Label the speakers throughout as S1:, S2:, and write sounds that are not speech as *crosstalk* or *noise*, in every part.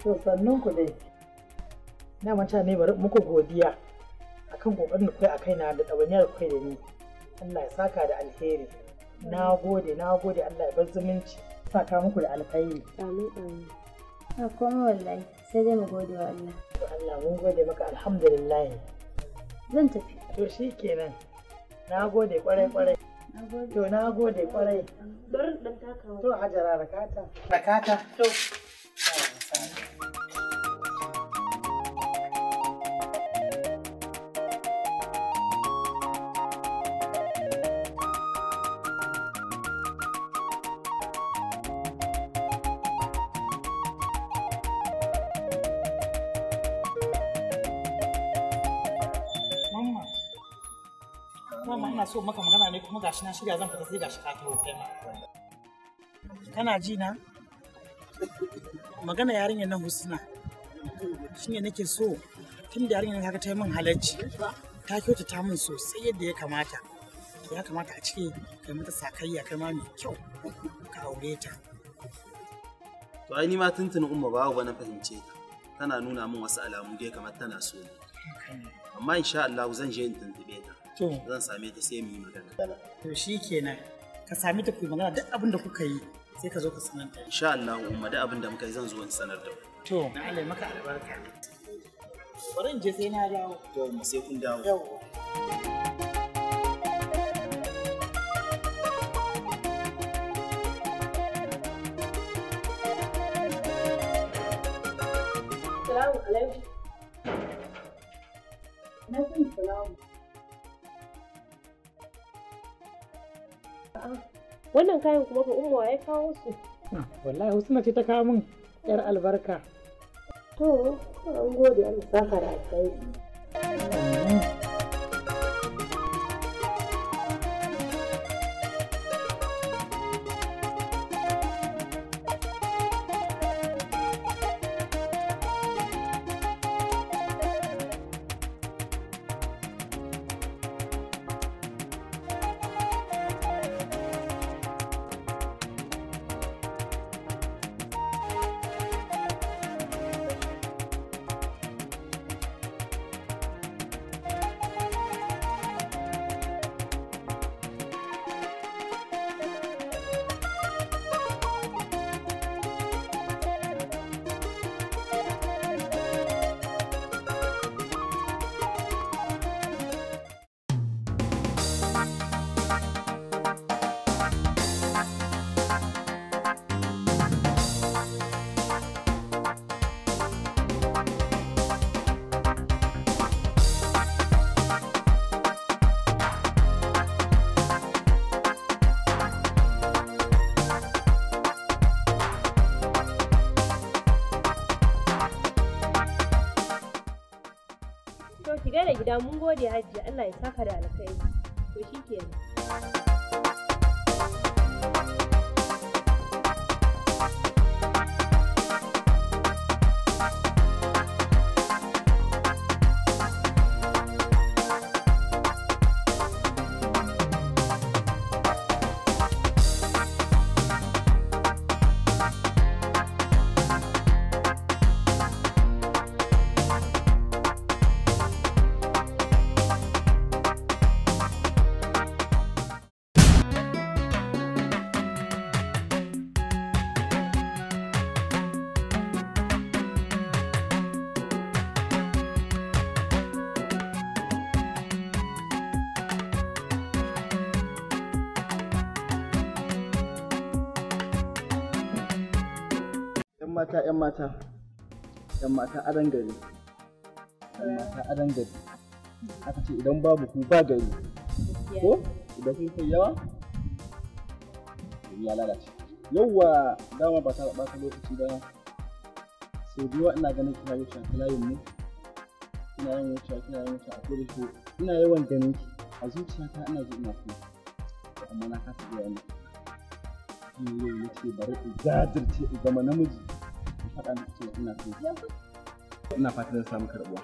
S1: To sannun ku dai. Na manta ne bari muku godiya akan kokarin da kai a kaina da ɗawainiyar kai da ni. Allah ya saka da alheri. Na gode, na gode Allah ya bar zumunci. Saka muku da alkhairi. Amin amin. A kuma wallahi sai dai mu gode wa Allah. Allah mun gode maka alhamdulillah. Zan tafi. To shi kenan. Na gode kwarai kwarai. To na gode kwarai. Bari dan takawa. To Hajara rakata. Rakata. To. so maka magana ne kuma gashi na shirya zan fita sai gashi ka taho kai ma kana ji na magana yarinyar nan husna shine nake so tun da yarinyar haka ta yi min halarci ta kyautata min sosai yadda ya kamata ya kamata a cike kai mata sakayya kai ma mai kyau ka aure ta
S2: to ai ni ma tuntuni umma ba wa na fahimce ta tana nuna min wasu alamu da ya kamata tana so amma insha Allah zan je in zan same ta sai mu yi magana
S1: to shikenan ka sami ta ku magana duk abin da kuka yi sai ka zo ka sanar da
S2: insha Allah umma duk abin da muka yi zan zo in sanar da
S1: to na Allah maka albarka bari in je sai na dawo
S2: to mu sai kun dawo
S1: yau you. Na wannan kayan kuma fa umma ya kawo su ah, wallahi husna ce ta kawo min yar albarka to an gode an saka da alkhairi da mun gode hajji Allah ya saka da alkhairi to shikenan mata 'yan
S2: mata 'yan mata aran gari 'yan mata aran gari aka ce idan babu ku ba gari ko idan kun kai yawa ya lalace yauwa dama ba ta ɓata lokaci ba sau biyu ina ganin kina yau shafi layin mu ina yawan wuce ina yawan wuce a kodashi ina yawan ganin ki a zuciyata ina ji ina kuma amma na kasa biya ne. yau ya ce bari in jajirce in zama namiji faɗa na cewa ina so ina fatan zan samu karɓuwa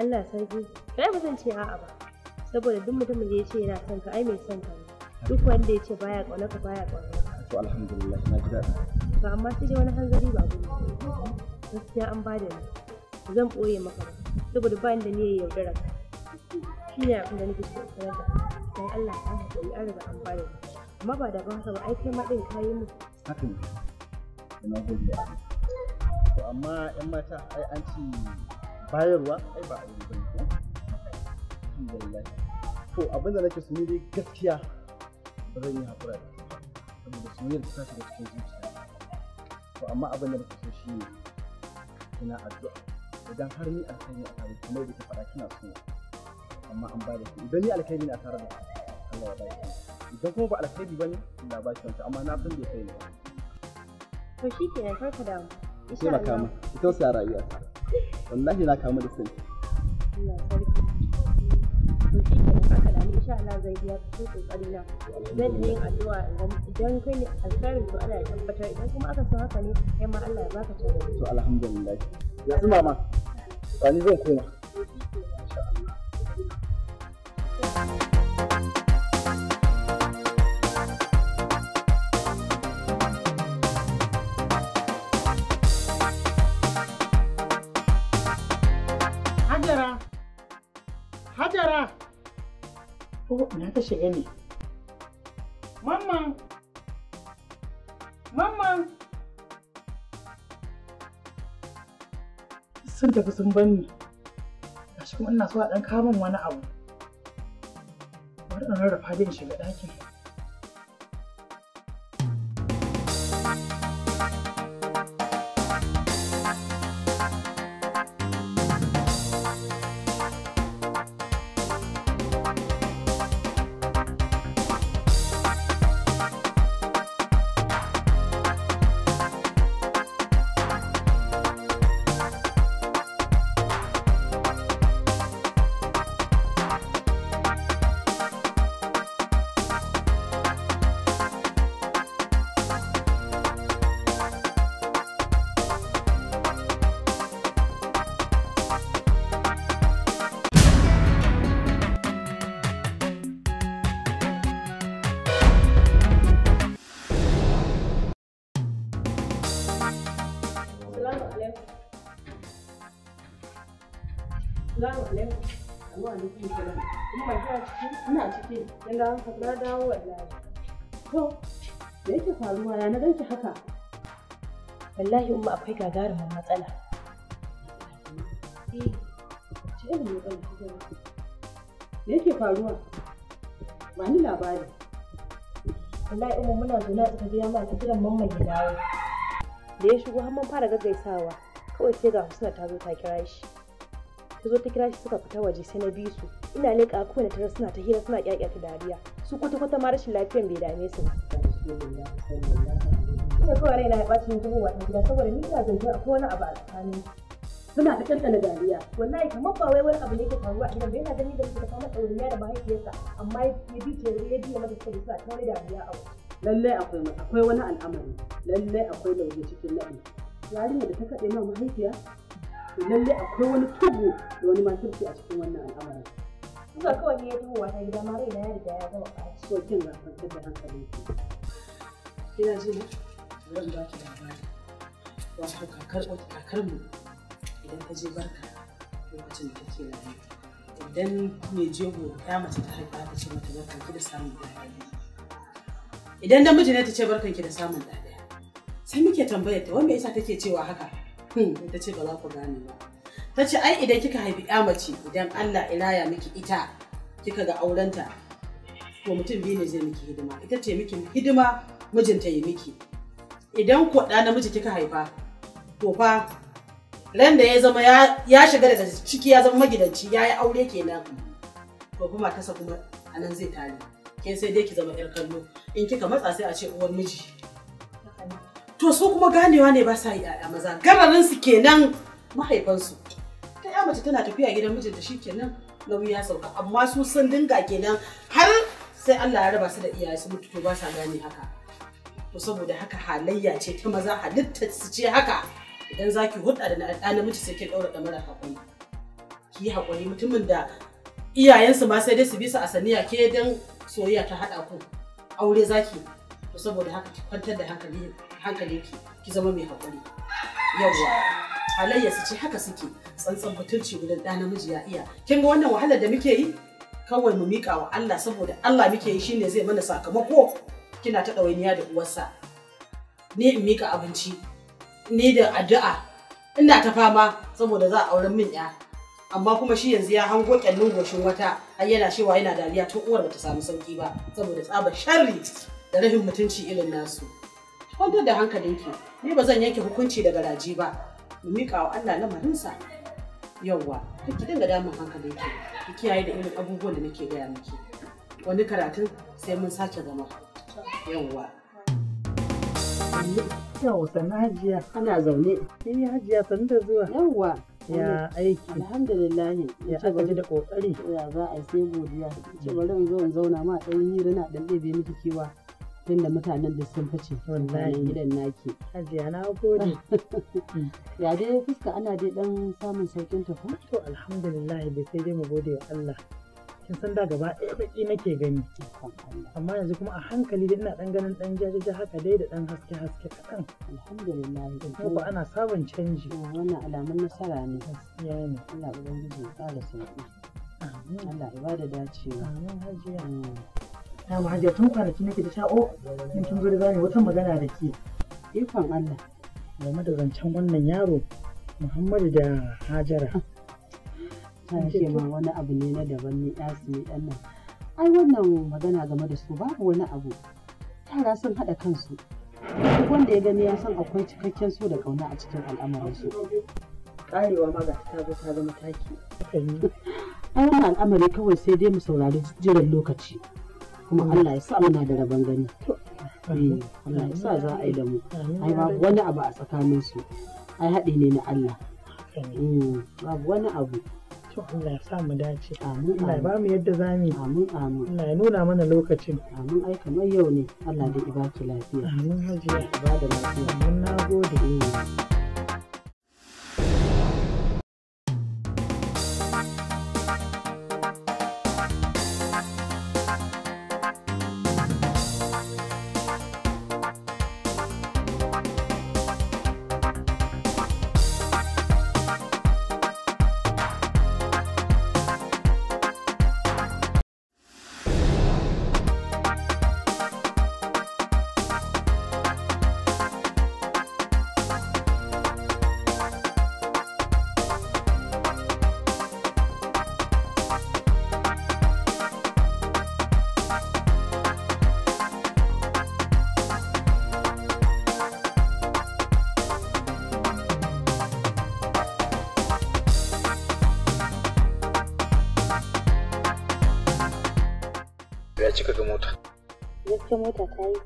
S1: Allah sarki kai ba zan ce a'a ba saboda duk mutumin da ya ce yana son ka ai mai son ka duk wanda ya ce baya ƙaunar ka baya ƙaunar ka
S2: to alhamdulillah na ji daɗi
S1: to amma sai dai wani hanzari ba gudu gaskiya an bada ni zan ɓoye maka ba saboda ba da niyyar yaudara ka shi ne abin da nake so sanar da dan Allah ka haƙuri an riga an bada ni amma ba da ba haka ba ai kai ma ɗin kayi mu haka ne na gode to amma yan mata ai an ci
S2: bayarwa ai ba a yi ba ko to abin da nake suni dai gaskiya ba zan yi hakura da saboda soyayyar ta shiga cikin zuciya to amma abin da nake so shi ne ina addu'a idan har ni alkhairi a tare kuma da ka faɗa kina so amma an bada ki idan ni alkhairi na tare da Allah ya ba ki idan kuma ba alkhairi bane Allah ba ki amma na san da kai ne
S1: to shi ke kar ka damu kama
S2: wasu rayuwa wallahi na kama da
S1: Allah sarki to aka damu insha Allah zai biya cikin kokari na zan ne alkhairin to Allah ya tabbatar idan kuma aka san haka ne ma Allah ya baka tabbata to
S2: alhamdulillah ya ba ni zan koma
S1: ko ina ta shiga ne mamman mamman sun tafi sun banni gashi kuma ina so a ɗan kamun wani abu Wani rarrafa da shiga ɗakin kana ciki? Ina ciki. Kin dawo haka? Na dawo wallahi. To, me yake faruwa ya na ganki haka? Wallahi umma akwai gagarumin matsala. Eh, ce irin matsala ta Me yake faruwa? Ba ni labari. Wallahi umma muna zaune a tsakar gida muna ta jiran mamman ya dawo. Da ya shigo har man fara gaggaisawa. Kawai sai ga Husna ta zo ta kira shi. ta zo ta kira shi suka fita waje sai na bi su ina leƙa na tare suna ta hira suna ta dariya su kwata kwata ma rashin lafiyan bai dame su ba. Ina kawai raina ya ɓaci dubu wa gida saboda ni ina zargin akwai wani abu a tsakanin suna da na dariya. Wallahi kamar ba wai wani abu ne ke faruwa a gidan ba yana gani da mutu da kama ɗauriya da mahaifiyarsa amma ya bi ta ya biya mata suka bisa ta wani dariya a wasu. Lallai akwai akwai wani al'amari lallai akwai lauje cikin naɗi. Yarinya da ta kaɗe ma mahaifiya to lalle akwai wani tugu da wani makirci a cikin wannan al'amarin zuwa kawai ne ya tuhu wata gida ma rai na ya riga ya gama ɓaci to kin ga kwantar da hankali kina ji zan ba ki labari wato kakar wata kakar mu idan ka je barka lokacin da take rayu idan mai jego ya mace ta haifa ta ce mata barkan ki da samun ɗaya idan namiji ne ta ce barkan ki da samun ɗaya sai muke tambayar ta wanda yasa take cewa haka ta ce ba za ku gane ba ta ce ai idan kika haifi ya mace idan Allah ilaya miki ita kika ga aurenta to mutum biyu ne zai miki hidima ita ce miki hidima mijinta yi miki idan ko ɗa namiji kika haifa to fa ran da ya zama ya shiga da ciki ya zama magidanci ya yi aure kenan to kuma tasa kuma anan zai tare ke sai dai ki zama yar kallo in kika matsa sai a ce uwar miji to su kuma ganewa ne ba sa yi yaya maza gararin su kenan mahaifansu ta ya mace tana tafiya gidan mijinta shi kenan nauyi ya sauka amma su sun dinga kenan har sai Allah ya raba su da iyaye su mutu to ba sa gane haka to saboda haka halayya ce ta maza halitta su ce haka idan zaki hulɗa da na namiji sai ke daura damar hakuri ki yi hakuri mutumin da iyayensu ma sai dai su bi su a saniya ke dan soyayya ta haɗa ku aure zaki to saboda haka ki kwantar da hankali hankalinki ki zama mai haƙuri yawwa halayya su ce haka suke tsantsan mutunci gudan ɗa namiji ya iya kin ga wannan wahalar da muke yi kawai mu miƙa wa Allah saboda Allah muke yi shine zai mana sakamako kina ta ɗawainiya da uwarsa ni in miƙa abinci ni da addu'a ina ta fama saboda za a auren min ya amma kuma shi yanzu ya hango kyallin goshin wata ai yana cewa yana dariya tun uwar bata samu sauki ba saboda tsabar sharri da rashin mutunci irin nasu kwantar da hankalinki ni ba zan yanke hukunci daga raji ba mu mika wa Allah lamarinsa yauwa kiki dinga damun hankalinki ki kiyaye da irin abubuwan da nake gaya miki wani karatun sai mun sake zama yauwa yawwa sannan hajiya ana zaune eh hajiya sannan da zuwa Yawa ya aiki alhamdulillah ya aka ji da kokari ya za a sai godiya ce bari in zo in zauna ma ɗan hira na ɗan ɗebe miki kewa tunda mutanen da sun fice wallahi gidan naki hajiya na gode *laughs* ya dai fuska ana dai dan samun saukin ta ko to alhamdulillah bai sai dai mu gode wa Allah kin san da gaba ɗaya baki nake gani amma yanzu kuma a hankali da ina dan ganin dan jajaja haka dai da dan haske haske kaɗan alhamdulillah ko ana sabon canji wannan alamun nasara ne gaskiya ne Allah ubangiji ya ƙara sauki Allah dacewa amin hajiya mm. na mahajiya tun kwanaki nake da sha'o oh, in kin zo zani wata magana da ke ikon Allah game da zancen wannan yaro Muhammadu da Hajara ah.
S2: ta ma
S1: wani abu ne na daban ne ya su ne nan ai wannan magana game da su babu wani abu yara sun haɗa kansu duk wanda ya gani ya san akwai cikakken so da ƙauna a cikin al'amuransu karewa ma ta zo ta zama taki *laughs* ai wannan al'amari kawai sai dai mu saurari jiran lokaci kuma mm. Allah ya sa muna da rabon gani eh, Allah ya sa za a yi da mu ai babu wani abu a tsakanin su ai haɗi ne na Allah mm, babu wani abu to Allah ya sa mu dace amin Allah ya ba mu yadda za mu amin amin Allah ya nuna mana lokacin amin ai kamar yau ne Allah da ibaki lafiya amin hajiya ba da lafiya mun nagode Amin. Mm. ita mota ta yi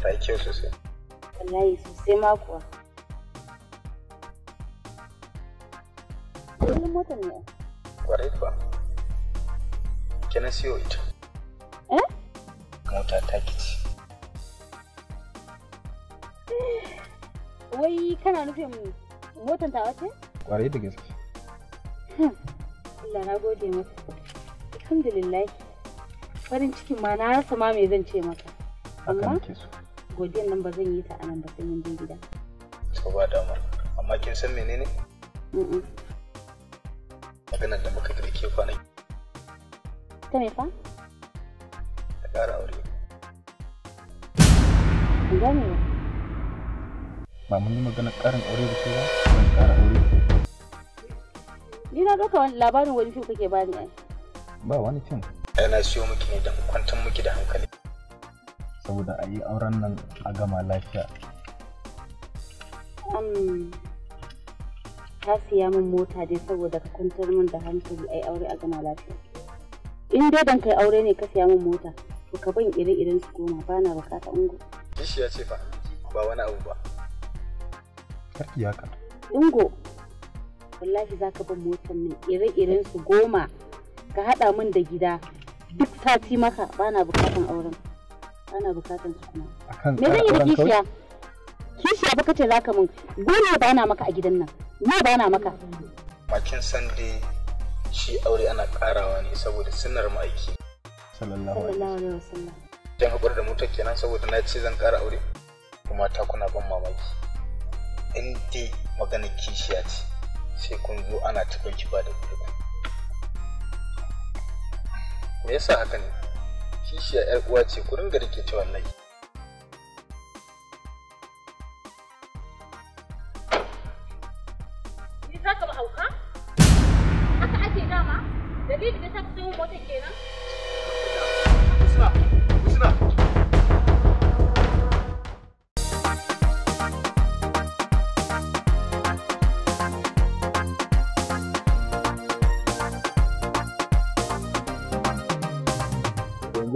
S2: ta yi kyau sosai
S1: wallahi sosai ma kuwa kullum motar ne
S2: kwarai kuwa ke na siyo ita eh mota ta kici
S1: wai kana nufin motar ta wace
S2: kwarai da gaske
S1: hm. Allah na gode maka alhamdulillah farin cikin ma na rasa ma me zan ce maka amma godiyan nan ba zan yi ta anan ba sai mun je gida
S2: to ba damar amma kin san menene maganar da muka girke kwanaki ta me fa ta ƙara aure gane ba mun yi magana ƙarin aure da ke ba ban ƙara aure
S1: ni na ɗauka labarin wani fim kake bani ai
S2: ba wani fim ana na siyo miki ne don
S1: kwantar miki da
S2: hankali saboda a yi auren nan a gama lafiya
S1: ta siya min mota dai saboda ka kwantar min da hankali a yi aure a gama lafiya in dai ban kai aure ne ka siya min mota to ka ban ire iren su goma ba na bukata ungo
S2: dishi ya ce fa ba wani abu ba karki haka
S1: ungo wallahi za ka ban motar nan ire iren su goma ka haɗa min da gida duk sati maka bana bukatan auren bana bukatan su kuma me zan yi da kishiya kishiya baka ce zaka mun gona bana maka a gidan nan na bana maka
S2: makin sande shi aure ana karawa ne saboda sunnar ma'aiki
S1: sallallahu alaihi wasallam
S2: dan hakuri da mutar kenan saboda na ce zan kara aure kuma ta kuna ban mamaki in dai magana kishiya ce sai kun zo ana ta ɗauki ba da kuɗi me yasa haka ne kishiya yar uwa ce ku ringa ci wallahi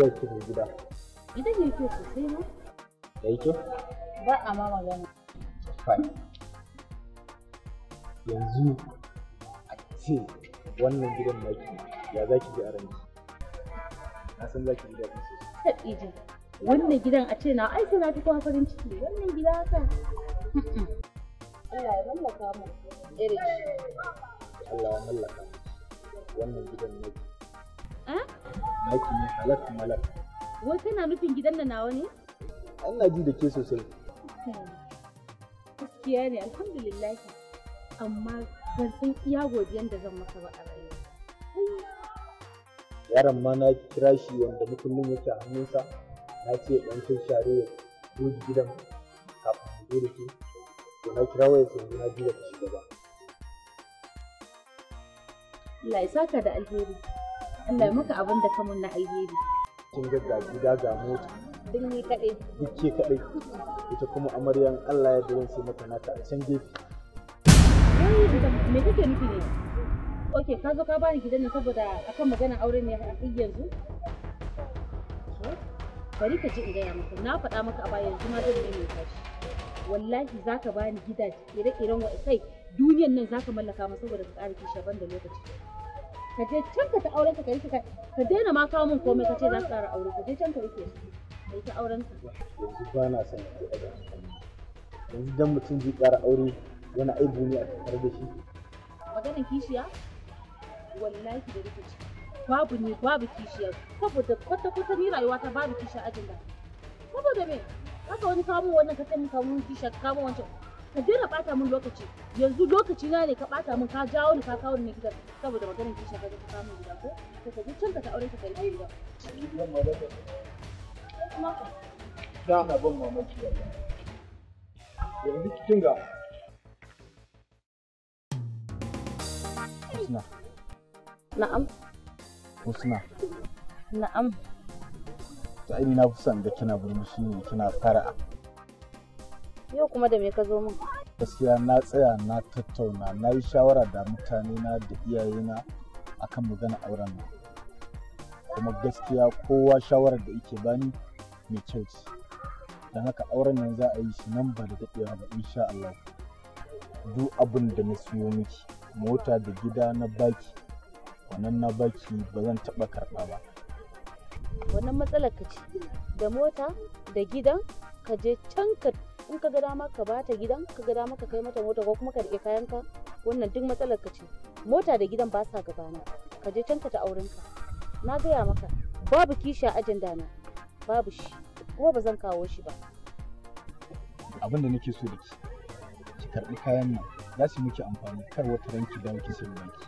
S2: mara ki mai gida.
S1: Gidan ya kyau sosai ne? Ya yi kyau? Ba a ma magana.
S2: Fine. Yanzu a ce wannan gidan maki ya za ki ji a ranki. Na san za ki
S1: ji daɗi sosai. Haɗi ji. Wannan gidan a ce na aiki na fi kowa farin ciki wannan gida haka. Allah ya mallaka mu irin. Allah
S2: ya mallaka mu wannan gidan maki.
S1: Eh? Naki ne
S2: halak malak.
S1: Wai kana nufin gidan da nawa ne? Allah
S2: ji da ke sosai.
S1: Gaskiya ne alhamdulillah. Amma ban san iya godiyan da zan maka ba a rayuwa.
S2: Yaron ma na kira shi wanda mutumin yake a hannunsa na ce ɗan kai share ya goji gidan kafin mu da ke. To na kira waya sai na ji da shi gaba.
S1: Allah ya saka da alheri. Allah ya maka abin da kamun na alheri
S2: kin ga ga gida ga mota
S1: duk ni kaɗai duk ke kaɗai
S2: ita kuma amaryan Allah ya dole sai mata nata a can gefe
S1: me kake nufi ne ok ka zo ka bani gidan ne saboda akan maganar aure ne a yanzu bari ka ji in gaya maka na faɗa maka a baya yanzu ma zan mai tashi wallahi za ka bani gida ire-iren wa kai duniyan nan za ka mallaka ma saboda ka ƙara kishi ban da lokaci ka je can ka ta aure ka kai ka ka daina ma kawo min komai ka ce za ka ƙara aure ka je can ka rike su kai ta auren ka yanzu ba na son ka daga yanzu
S2: dan mutum zai ƙara aure yana aibu ne a tattare da shi
S1: maganar kishiya wallahi da rike ci babu ne babu kishiya saboda kwata kwata ni rayuwa babu kishiya ajin da saboda me kaka wani kamun wannan ka taimaka mun kishiya kamun wancan ka daina bata min lokaci yanzu lokaci na ne ka bata min ka jawo ni ka kawo ni gidan saboda maganar kishin ka ka samu gida ko to ka je can ka aure ka kai gida da na ban mamaki Ya yanzu kin ga Husna Na'am Husna Na'am
S2: Ta ina na fi son da kina burmushi ne kina fara'a
S1: Yau kuma da me ka zo min?
S2: Gaskiya na tsaya na tattauna na yi shawara da mutane na da iyayena akan magana auren nan. Kuma gaskiya kowa shawarar da yake bani mai kyau ce. Don haka auren nan za a yi shi nan ba da daɗewa ba insha Allah. Duk abin da na siyo miki mota da gida na baki wannan na baki ba zan taɓa karɓa ba.
S1: Wannan matsalar ka ce da mota da gidan ka je can ka in ka ga dama ka bata gidan ka ga dama ka kai mata mota ko kuma ka rike kayanka wannan duk matsalar ka ce mota da gidan ba sa gabana ka je can ka ta auren ka na gaya maka babu kisha ajanda na babu shi kuma ba zan kawo shi ba
S2: abin da nake so da ki ki karbi kayan nan za su miki amfani kar wata ranki da ki sai ranki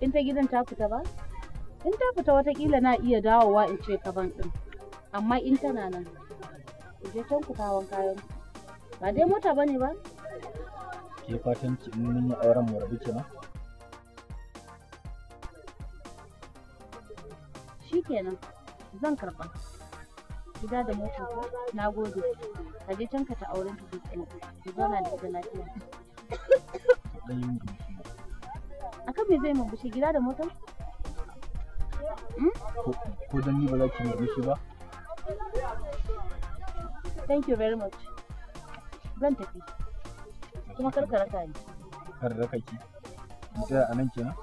S1: in ta gidan ta fita ba in ta fita watakila na iya dawowa in ce ka ban din amma in tana nan je can ku kawon kayan ba dai mota bane ba
S2: ke fatan ki in mun yi auren mu rabu kenan
S1: shikenan zan karɓa gida da mota ko na gode ka je can ka ta auren ki ki zauna da ita lafiya akan me zai mabushi gida da mota hmm?
S2: ko dan ni ba za ki mabushi ba
S1: thank you very much zan tafi kuma ka raka ni
S2: kar raka ki in a nan kenan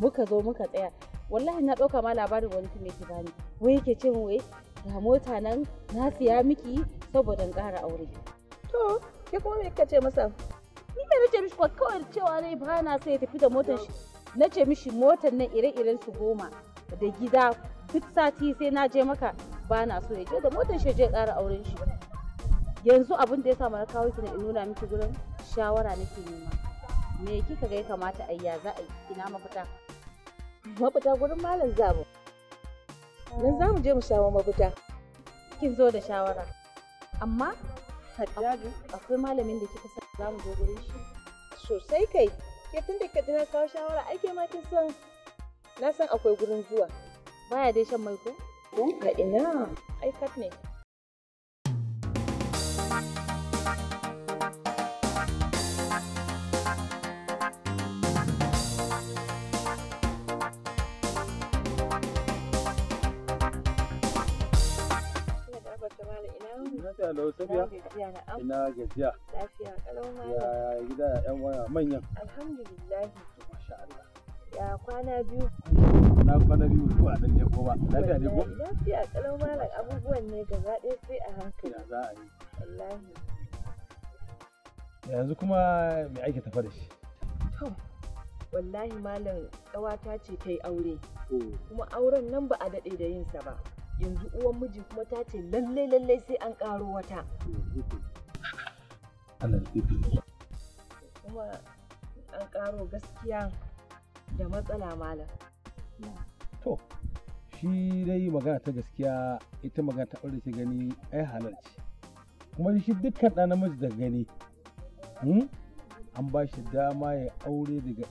S1: Muka zo muka tsaya wallahi na ɗauka ma labarin wani mutum yake bani wai yake ce wai ga mota nan na siya miki saboda in ƙara aure to ke kuma me kika ce masa ni me nace mishi kwa kawai cewa dai ba na sai ya tafi da motar shi nace mishi motar nan ire-iren su goma da gida duk sati sai na je maka ba na so ya je da motar shi je ƙara auren shi yanzu abin da ya sa mana kawo ki ne in nuna miki gurin shawara nake nema me kika ga ya kamata a yi ya za a yi ina mafita mafita gurin malam zamu dan ah. za mu je mu samu mafita kin zo da shawara amma Hajjaju akwai malamin da kika san za mu gurin shi sosai kai ke tunda da na kawo shawara ake ma kin san na san akwai gurin zuwa baya dai shan mai ko ka ina ai kat ne Lafiya Ina gajiya. Lafiya kalau Ya
S2: gida ya ƴan waya manyan.
S1: Masha Allah. Ya kwana biyu.
S2: Na kwana biyu nan ne ko ba. Lafiya ne ko?
S1: Lafiya kalau abubuwan ne gaba ɗaya sai a hankali. Ya za a yi. Wallahi.
S2: Yanzu kuma me ake tafa da shi?
S1: To, wallahi malam ƙawata ce ta yi aure. Kuma auren nan ba a daɗe da yinsa ba. yanzu uwan miji kuma ta ce lalle lalle sai an karo wata kuma an ƙaro gaskiya da matsala malam to
S2: shi dai magana ta gaskiya ita magana ta aure ta gani ai halarci kuma shi dukkan ɗan namiji da gani hmm, an ba shi dama ya aure daga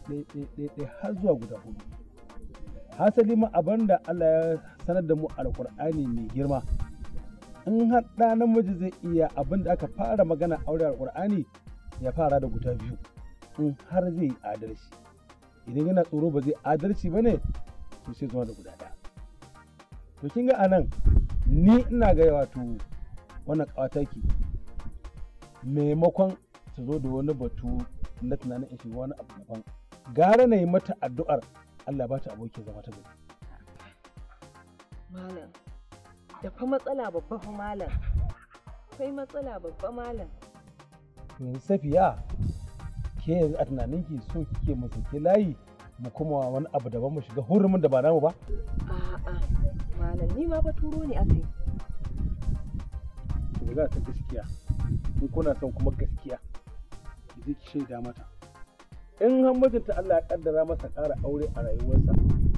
S2: ɗaya har zuwa guda hudu hasali ma abinda Allah ya sanar da mu alkur'ani mai girma in har ɗa namiji zai iya abin da aka fara magana aure alkur'ani ya fara da guda biyu in har zai adalci idan yana tsoro ba zai adalci ba ne to sai zuwa da guda ɗaya to kin anan ni ina ga wato wannan ƙawataki maimakon su zo da wani batu na tunanin in shiga wani abu daban gara na yi mata addu'ar Allah ba ta abokin zama ta gari
S1: Malam, da fa matsala babba fa malam. kai matsala babba malam.
S2: Yanzu Safiya, ke yanzu a ki so kike mu ke layi mu kuma wani abu daban mu shiga hurumin da ba namu ba?
S1: A'a, malam ni ma fa turo ne aka yi.
S2: To za ta gaskiya. In kuna son kuma gaskiya, ki je ki shaida mata. In har mijinta Allah ya kaddara masa ƙara aure a rayuwarsa,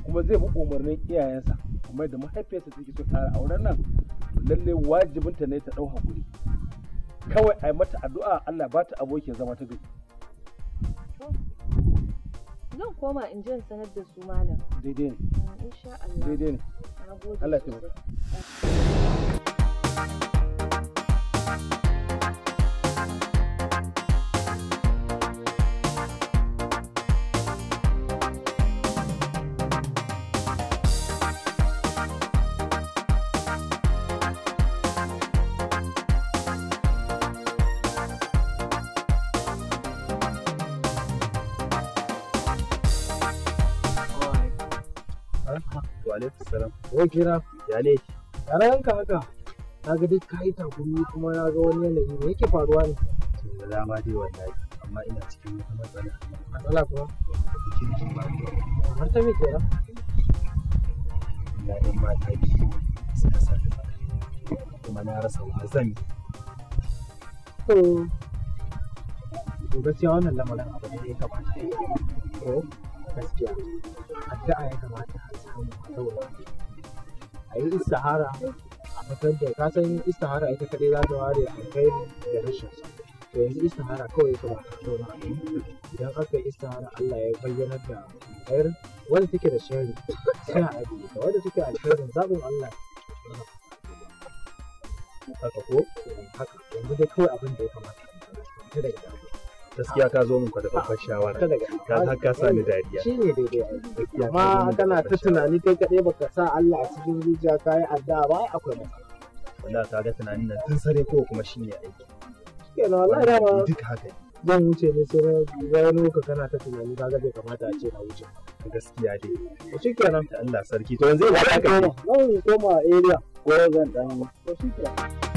S2: kuma zai bi umarnin iyayensa. kamar da mahaifiyarsa take so tsara auren nan lalle wajibinta ne ta ɗau hakuri kawai a yi mata addu'a Allah ba ta abokin zama ta gari
S1: zan koma in je in sanar da su malam daidai ne insha Allah
S2: daidai ne Allah ya tabbata kira jale ne a ranka haka na ga duk kayi takumi kuma na ga wani yanayi da yake faruwa ne da dama dai wallahi amma
S1: ina cikin wata matsala matsala kuma cikin ba kamar ta me kenan
S2: na ɗan mata biyu suka sa ba kuma na rasa wani zan to to gaskiya wannan lamarin abu ne ya kamata ko gaskiya addu'a ya kamata a samu saboda a yi istihara a fitar da ka san istihara ita kaɗai za ta ware kai da rashin sa to yanzu istihara kawai ka ba ta tona idan aka yi istihara Allah ya bayyana da ƙayar wanda take da shari'a. sai a ta wanda take alherin zaɓin Allah haka ko haka yanzu dai kawai abin da ya kamata ta daga daga gaskiya ka zo mun da babbar ah, shawara ka ta ka sa ni ah, dariya shi ne daidai amma kana ta tunani kai kaɗai baka sa Allah a cikin zuciya ka yi addu'a ba akwai matsala wallahi ka ga tunanin nan tun sare ko kuma shi ne aiki kenan wallahi dama duk haka zan wuce ne sai na gano ka kana ta tunani ka ga bai kamata a ce na wuce gaskiya dai to shi kenan Allah sarki to yanzu ya ka koma area ko zan dan to shi kenan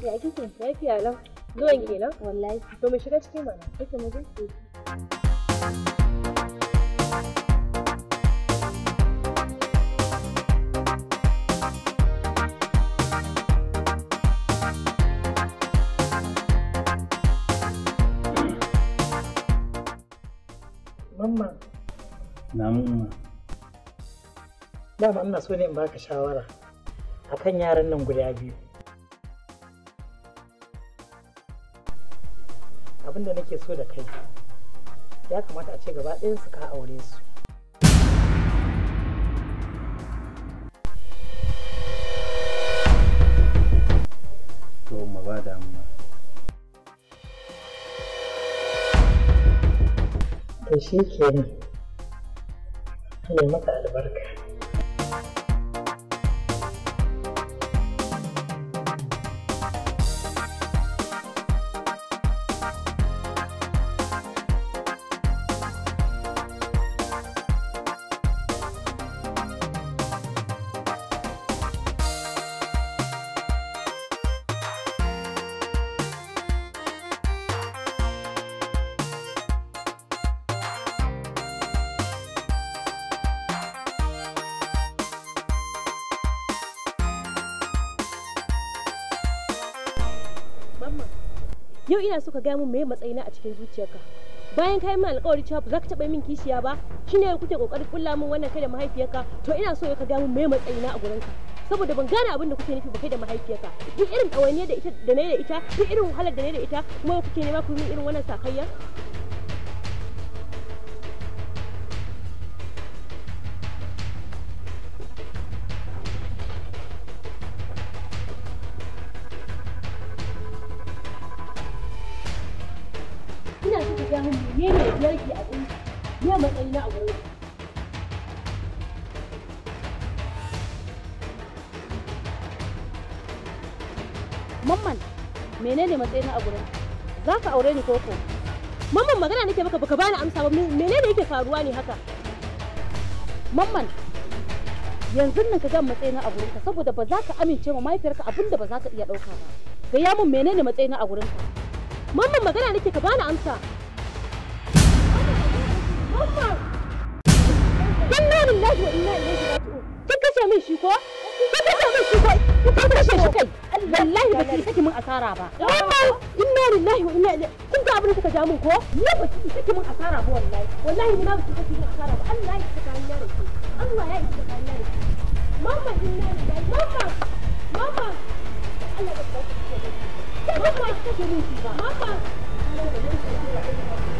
S1: Ya kike lafiya lau? Zuwan kenan? Wallahi. To shiga cikin mana. Kike mu je? Mamma. Na mamma. Dama ina so ne in baka shawara a kan yaran nan guda biyu. abin da nake so da kai ya kamata a ce gaba ɗayan su ka aure su to shi ba damuwa to ne maka albarka ina so ka gaya min meye matsayina a cikin zuciyarka bayan kai min alƙawari cewa ba za ka taɓa min kishiya ba shi ne kuke kokarin kulla min wannan kai da mahaifiyarka to ina so ka gaya min meye na a gurinka saboda ban gane abin da kuke nufi ba kai da mahaifiyarka duk irin ɗawainiyar da ita da ita duk irin wahalar da ne da ita kuma kuke nema ku yi irin wannan sakayya koko mamman magana nake maka baka bani amsa ba menene yake faruwa ne haka mamman yanzu nan ka ga matsayin a gurinka saboda ba za ka amince ma mahaifiyarka abin da ba za ka iya ɗauka ba gaya mun menene matsayin a gurinka mamman magana nake ka bani amsa mamman Wallahi lillahi wa inna ilaihi raji'un kin kashe min shi ko kin kashe min shi ko ba take min asara ba inna lillahi wa inna ilaihi kun ga abin da suka ja min ko ni ba ki take min asara ba wallahi wallahi ni ma ba ki take min asara ba Allah ya isa kan yaro ki Allah ya isa kan yaro mama inna lillahi mama mama Allah ya isa kan take ba mama Allah ya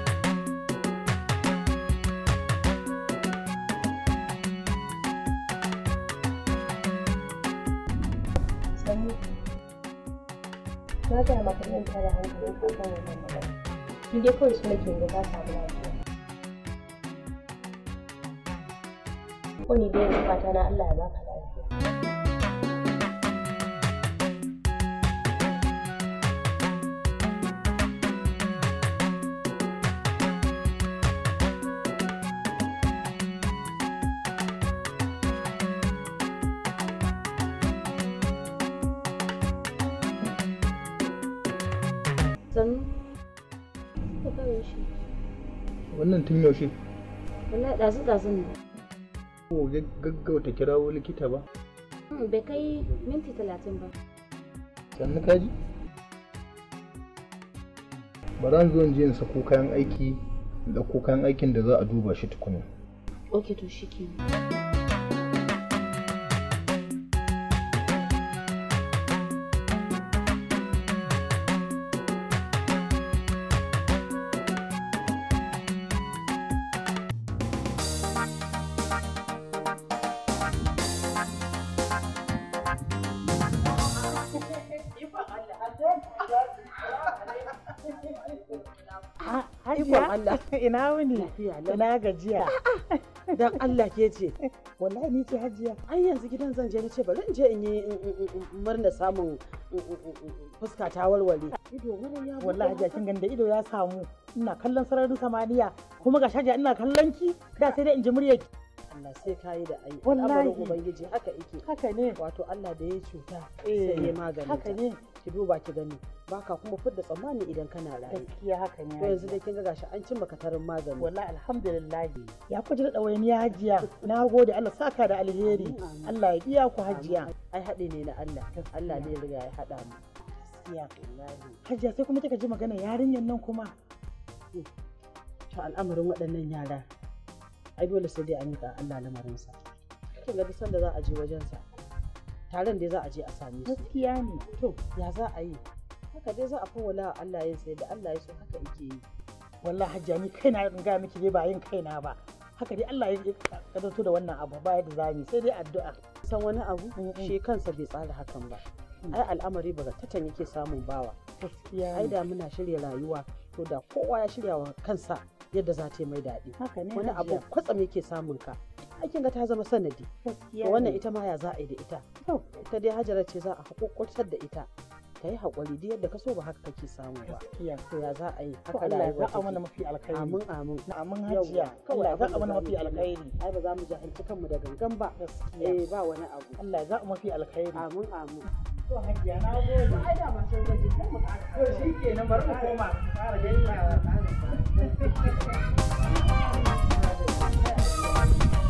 S1: na gaya da hankalin ka kan magana ni dai kawai su nake da ta samu lafiya ko ni fata na Allah ya baka lafiya Wannan tun yaushe wannan ɗazu ɗazun ne
S2: ko gaggauta kirawo likita ba
S1: hmm, bai kai minti talatin ba
S2: sannu kaji ba an zo in je in sako kayan aiki da ko kayan aikin da za a duba shi tukuna
S1: ok to kenan Ikon Allah. *laughs* Ina wuni? Ina gajiya. Ah, ah, ah. Dan Allah ke ce. Wallahi ni ce hajiya. Ai yanzu gidan zan je na ce bari in je in yi murna samun fuska ta walwale. Ido wurin ya Wallahi hajiya ido ya samu. Ina kallon sararin samaniya kuma ga shaja ina kallon ki da sai dai in ji Allah da ai haka wato Allah da ya cuta eh, sai ki duba ki gani baka kuma fidda tsammani idan kana raye gaskiya haka ne yanzu dai kin ga gashi an cimma katarin magani wallahi alhamdulillah ya ku jira da wani hajiya na gode Allah saka da alheri Allah ya biya ku hajiya ai haɗe ne na Allah Allah ne ya riga ya haɗa mu hajiya sai kuma kika ji magana yarinyar nan kuma to al'amarin waɗannan yara ai dole sai dai a miƙa Allah lamarinsa kin ga duk sanda za a je wajen sa taron da za a je a same su gaskiya ne to ya za a yi haka dai za a kowala Allah ya sai da Allah ya so haka yake yi wallahi hajjami ni kaina in ga miki dai ba yin kaina ba haka dai Allah ya kadarto da wannan abu ba yadda zamu sai dai addu'a san wani abu mm, mm. shi kansa bai tsara hakan ba mm. ai al'amari ba tan yake samun bawa Gaskiya ai da muna shirya rayuwa to da kowa ya shirya wa kansa yadda za ta yi mai daɗi wani abu kwatsam yake samun ka aikin ga ta zama sanadi wannan ita ma ya za a yi da ita ita dai hajara ce za a haƙoƙotar da ita ta yi haƙuri da yadda ka so ba haka kake samu ba to ya za a yi haka da ya za mana mafi alkhairi amin amin amin hajiya kawai za a mana mafi alkhairi ai ba za mu jahilci kanmu da gangan ba eh ba wani abu Allah ya za a mafi alkhairi amin amin to hajiya na gode ai da ma sai gode sai mu ƙara to shikenan bari mu koma fara ta ne Thank you.